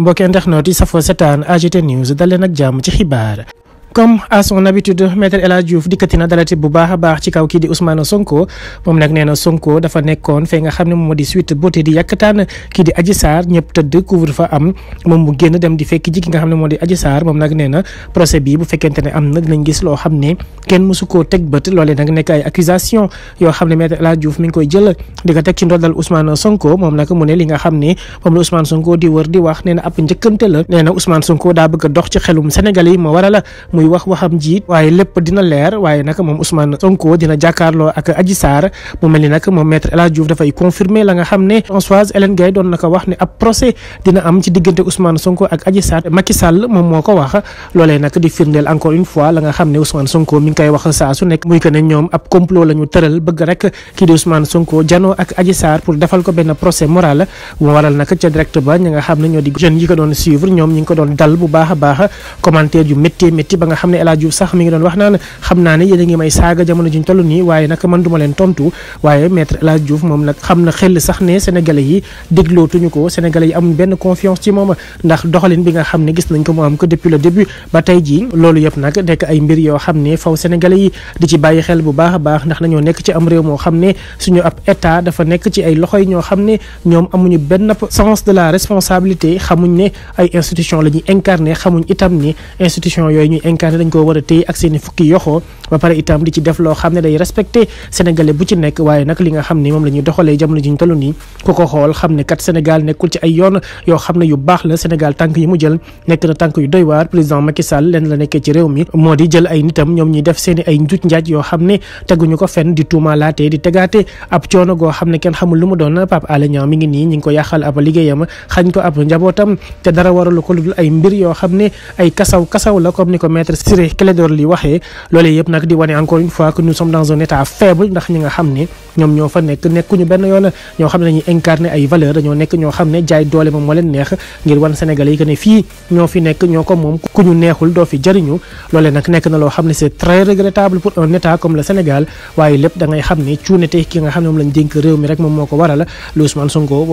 mbokk internet yi safoo setaan AGT news daleen ak jàmm ci xibaar comme à son habitude maître El Hadj Diouf dikkati na dalati bu baax a baax ci kaw kii di Ousmane Sonko moom nag nee na nga xam ne moom moo di suite boote di yàkkataan kii di Adji Sarr ñëpp tëdd couvre fa am dem di fekk ji ki nga xam ne moo di Adji Sarr moom nag nee na procès bi bu fekkente ne am na dinañ gis ne kenn mësu koo teg bët loolee nag nekk ay accusation yoo xam ne maître El Hadj Diouf mi koy jël di ko teg ci ndoddal Ousmane Sonko moom nag mu ne nga xam ne moom la Ousmane Sonko di wër di wax nee na ab njëkkante la nee na Ousmane Sonko daa bëgg a dox ci xelum Sénégal yi moo waral muy wax waxam jiit waaye lépp dina leer waaye nag moom Ousmane Sonko dina jàkkaarloo ak Adji Sarr mu mel ni moom maître la nga xam ne Françoise la nga xam ne Ousmane Sonko mi ngi koy wax saa nekk muy que ne ñoom ab complot la tëral bëgg rek kii di Ousmane Sonko janoo ak Adji Sarr pour defal ko benn procès moral mu waral nag ca direct ba ñi xam ne ñoo di jeunes yi ko doon suivre ñoom ñi ngi doon dal bu baax a baax commentaire yu métti métti nga xam ne El sax mi ngi doon wax naan xam naa ne yéen a ngi may saaga jamono juñ toll nii waaye nag man duma leen tontu waaye maître El moom nag xam na xel sax ne sénégalais yi déglootuñu ko sénégalais yi amuñ benn confiance ci moom ndax doxalin bi nga xam ne gis nañ ko mu am ko depuis le début ba tey jii loolu yëpp nag nekk ay mbir yoo xam ne faw sénégalais yi di ci bàyyi xel bu baax a baax ndax dañoo nekk ci am réew moo xam ne suñu ab état dafa nekk ci ay loxoy ñoo xam ne ñoom amuñu benn sens de la responsabilité xamuñ ne ay institution la ñuy incarné xamuñ itam ne institution dénkaane dañ koo war a téye ak seen i fukki yoxoo ba pare itam di ci def loo xam ne day respecté sénégalais bu ci nekk waaye nag li nga xam ne la ñuy doxalee jamono ji ñu yu baax la Sénégal tànk yi mu jël nekk na tànk yu doy waar président Macky Sall la nekkee ci réew mi moo di jël ay nitam ñoom ñuy def seen ay njuuj njaaj yoo xam ne teguñu ko fenn di tuumaalaate di tegaate ab coono goo xam ne kenn xamul lu mu doon Pape Alé Niang mi ngi nii ñi ngi ko yàqal ab liggéeyam xañ maître Ciré Clédor Ly waxee nag di wane encore une fois que dans un état faible ndax ñi nga xam ne ñoom ñoo fa nekk nekkuñu benn yoon ñoo xam ñoo xam ne jaay doole moom moo leen neex ngir wan Sénégalais yi que ne fii ñoo fi nekk ñoo ko moom ku ñu neexul doo fi jëriñu loolee nag nekk na loo xam ne c'est très regrettable pour un état comme le Sénégal waaye lépp da xam ne cuunete ki nga xam ne moom lañ dénk réew mi rek moom moo ko waral lu Ousmane Sonko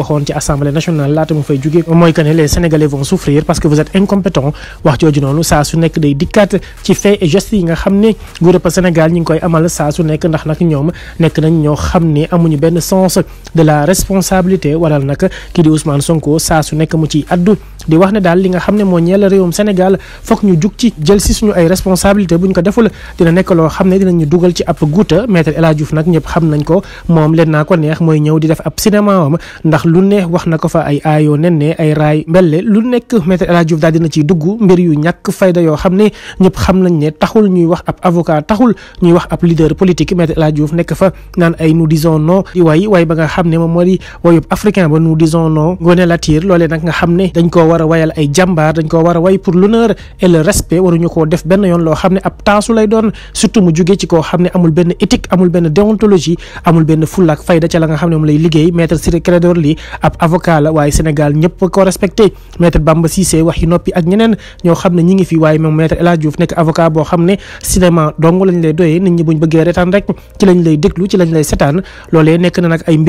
jàngat ci fait et geste yi nga xam ne nguurub Sénégal ñi ngi koy amal saa su nekk ndax nak ñoom nekk nañ ñoo xam ne amuñu benn sens de la responsabilité waral nag kii di Ousmane Sonko saa su nekk mu ciy addu di wax ne daal li nga xam ne moo ñeel réewum Sénégal foog ñu jug ci jël si suñu ay responsabilité bu ko deful dina nekk loo xam ne dinañu dugal ci ab guuta maître El Hadj Diouf nag xam nañ ko moom leen naa ko neex mooy ñëw di def ab cinéma am ndax lu ne wax na ko fa ay aayoo nen ne ay raay mbelle lu nekk maître El Hadj daal dina ciy dugg mbir yu ñàkk fayda yoo xam ne ñëpp xam nañ ne taxul ñuy wax ab avocat taxul ñuy wax ab leader politique maître El Hadj nekk fa naan ay nous disons non di waay ba nga xam ne moom moo di woyub africain ba nous disons non Ngoné Latyr loolee nga xam ne dañ ko war a wayal ay jàmbaar dañ ko war a way pour l'honneur et le respect waruñu koo def benn yoon loo xam ne ab taasu lay doon surtout mu jugee ci koo xam ne amul benn éthique amul benn déontologie amul benn fullaak fayda ca la nga xam ne moom lay liggéey maître Ciré Clédor Ly ab avocat la waaye Sénégal ñëpp ko respecté Bamba Cissé wax yi noppi ak ñeneen ñoo xam ne ñi ngi fi waaye moom maître El Hadj Diouf nekk avocat boo xam ne cinéma dong lañ lay doyee nit ñi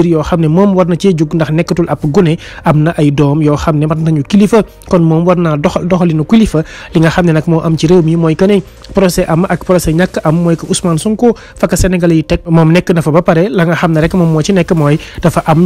yoo xam ne moom war na cee jug ndax nekkatul ab yoo xam kon moom war naa doxal doxalinu kilifa li nga xam ne nag moo am ci réew mi mooy que ne procès am mooy que Ousmane Sonko fakk Sénégalais yi teg moom nekk na ba pare la nga xam ne rek moom mooy dafa am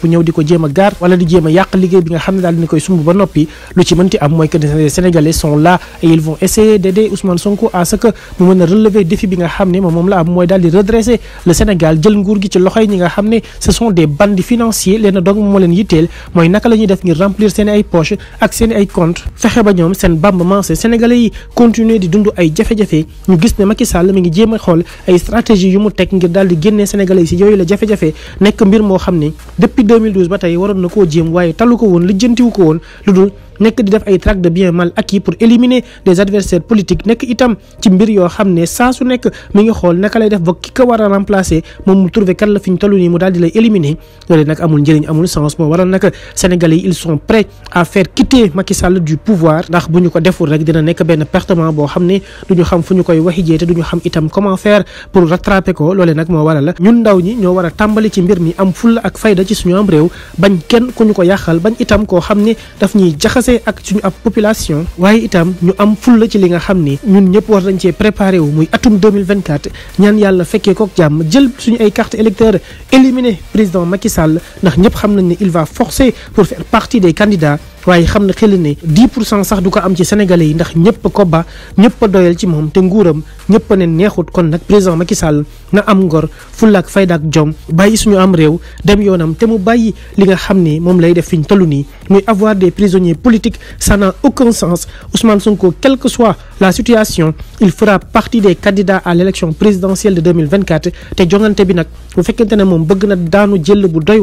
a ñëw di ko jéem a gaar wala di jéem a yàq liggéey bi nga xam ne daal dina koy sumb ba noppi lu ci mënti am mooy que sénégalais sont sont là et ils vont essayer d'aider Ousmane Sonko à ce que mu mën a relever défi bi nga xam ne moom moom la am mooy dal di redresser le Sénégal jël nguur gi ci loxoy ñi nga xam ne ce sont des bandits financiers leen dog moo leen yitteel mooy naka la ñuy def ngir remplir seen ay poches ak seen ay comptes fexe ba ñoom seen bamb se sénégalais yi continuer di dund ay jafe-jafe ñu gis ne Macky Sall mi ngi jéem a xool ay stratégie yu mu teg ngir daal di génnee sénégalais yi si yooyu la jafe nekk mbir moo xam ne depuis 2012 ba tey waroon na koo jéem waaye talu ko woon lijjantiwu ko woon lu nekk di def ay traque de biens mal acquis pour éliminer des adversaires politiques nekk itam ci mbir yoo xam ne saa su nekk mi ngi xool naka lay def ba ki ko war a remplacer moom mu trouvé kan la fi ñu toll nii mu daal di lay éliminer loolu nag amul njëriñ amul sens moo waral nag Sénégalais yi ils sont à faire quitter Macky Sall du pouvoir ndax bu ñu ko deful rek dina nekk benn pertement boo xam ne du ñu xam fu ñu koy waxi jee te du ñu xam itam comment faire pour rattraper ko loole nag moo waral ñun ndaw ñi ñoo war a tàmbali ci mbir mi am fulla ak fayda ci suñu am réew bañ kenn ku ñu ko yàqal bañ itam koo xam ne daf commencé ak suñu ab population waaye itam ñu am fulla ci li nga xam ni ñun ñëpp war nañ cee préparé wu muy atum 2024 ñaan yàlla fekkee kook jàmm jël suñu ay carte électeur éliminer président Macky Sall ndax ñëpp xam nañ ne il va forcer pour faire partie des candidats waaye xam na xel ne 10 pour cent sax du ko am ci sénégalais yi ndax ñëpp ko ba ñëpp a doyal ci moom te nguuram ñëpp ne neexut kon nag président Macky Sall na am ngor fullaak faydaak jom bàyyi suñu am réew dem yoonam te mu bàyyi li nga xam ne moom lay def fi ñu toll nii muy avoir des prisonniers politiques ça n'a aucun sens Ousmane Sonko quelle que soit la situation il fera partie des candidats à l'élection présidentielle de 2024 te jongante bi nag bu fekkente ne moom bëgg na daanu jël bu doy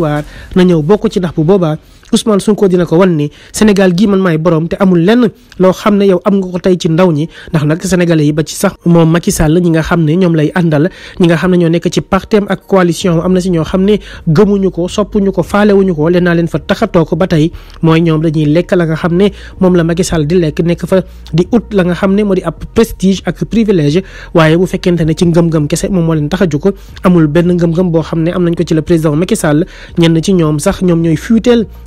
na ñëw bokk ci ndax bu boobaa Ousmane ko dina ko wan ni Sénégal gii man maay borom te amul lenn loo xam ne yow am nga ko tey ci ndaw ñi ndax nag sénégalais yi ba ci sax moom Macky Sall ñi nga xam ne ñoom lay àndal ñi nga xam ne ñoo nekk ci partem ak coalition am na si ñoo xam ne gëmuñu ko soppuñu ko faalewuñu ko leen naa leen fa taxatoo ko ba tey mooy ñoom dañuy lekk la nga xam ne moom la Macky di lekk nekk fa di ut la xam ne moo di ab prestige ak privilège waaye bu fekkente ne ci ngëm kese moom moo leen tax a jóg amul benn ngëm-ngëm boo xam ne am nañ ko ci la président Macky Sall ñenn ci ñoom sax ñoom ñooy fuuteel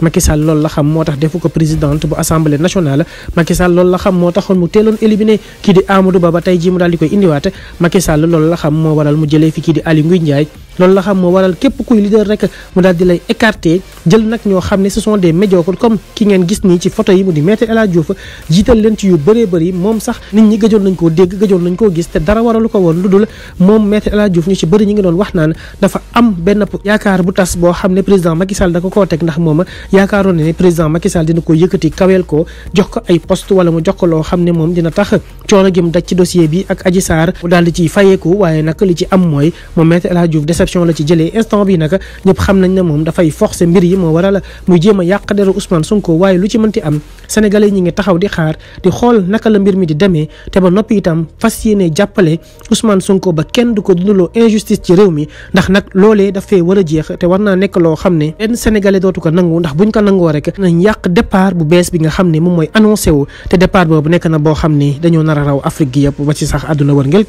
Macky Sall loolu la xam moo tax defu ko présidente bu assemblée nationale Macky Sall loolu la xam moo taxoon mu teeloon éliminé kii di Amadou Ba ba tey jii mu daal di koy indiwaat Macky Sall loolu la xam moo waral mu jëlee fi kii di ali Ngouille Ndiaye loolu la xam moo waral képp kuy leader rek mu daal di lay écarter jël nag ñoo xam ne ce sont des médiocres comme ki ngeen gis nii ci photo yi mu di Maître El jiital leen ci yu bëree bëri moom sax nit ñi gëjoon nañ koo dégg gëjoon nañ koo gis te dara waralu ko woon lu dul moom Maître El Hadji Diouf ñu ci bëri ñi ngi doon wax naan dafa am benn yaakaar bu tas boo xam ne président Macky Sall da ko koo teg ndax mooma yaakaaroon ne ne président Macky Sall dina ko yëkkati kaweel ko jox ko ay poste wala mu jox ko loo xam ne moom dina tax coono gi mu daj ci ak Adji daal di ciy fayeeku waaye nag li ci am mooy moom Maître El Hadji déception la ci jëlee instant bi nag ñëpp xam nañ ne moom dafay forcer mbir yi moo waral muy jéem a yàq deru Ousmane Sonko waaye lu ci mënti am sénégalais ñi ngi taxaw di xaar di xool naka la mbir mi di demee te ba noppi itam fas yéene jàppale Ousmane Sonko ba kenn du ko dundaloo injustice ci réew mi ndax nag loolee dafee war a jeex te war naa nekk loo xam ne benn sénégalais dootu ko nangu ndax buñ ko nangoo rek nañ yàq départ bu bees bi nga xam ne moom mooy annoncé wu te boo xam ne dañoo nar a raw Afrique gi yëpp ba ci sax àdduna wërngël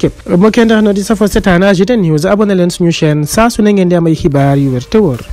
saa su ne ngeen di am ay xibaar yu wér te wóor